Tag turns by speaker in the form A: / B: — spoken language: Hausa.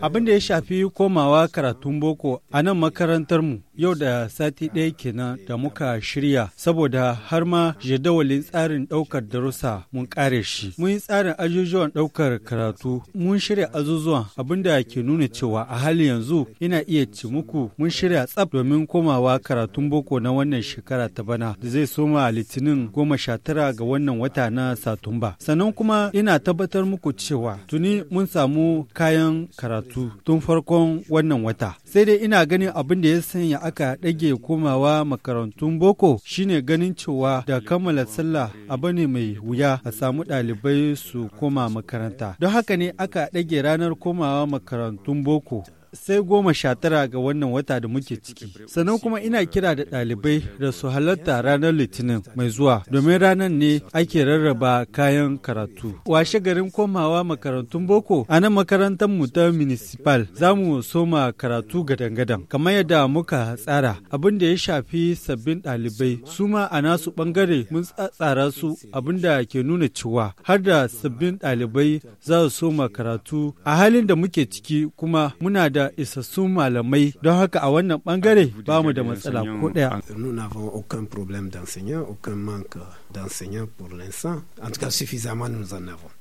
A: Abin da ya shafi komawa karatun boko a nan makarantar mu yau da sati ɗaya kenan da muka shirya saboda har ma jadawalin tsarin ɗaukar darussa mun ƙare shi. Mun yi tsarin ajujuwan ɗaukar karatu, mun shirya azuzuwan abinda ke nuna cewa a halin yanzu ina iya ci muku mun shirya tsaf domin komawa karatun boko na wannan shekara ta bana da zai soma litinin goma sha tara ga wannan wata na satumba. Sannan kuma ina tabbatar muku cewa tuni mun samu kayan karatu tun farkon wannan wata. sai dai ina ganin abin da ya sanya aka ɗage komawa makarantun boko shine ganin cewa da kammala sallah abu ne mai wuya a samu ɗalibai su koma makaranta don haka ne aka ɗage ranar komawa makarantun boko sai goma sha tara ga wannan wata da muke ciki. Sannan kuma ina kira da ɗalibai da su halatta ranar Litinin mai zuwa domin ranar ne ake rarraba kayan karatu. Washe garin komawa makarantun boko a nan makarantar mu ta municipal za mu soma karatu gadan-gadan kamar yadda muka tsara abin da ya shafi sabbin ɗalibai su ma a nasu bangare mun tsatsara su abin da ke nuna cewa har da sabbin ɗalibai za su soma karatu a halin da muke ciki kuma muna da
B: Nous n'avons aucun problème d'enseignants, aucun manque d'enseignants pour l'instant. En tout cas, suffisamment nous en avons.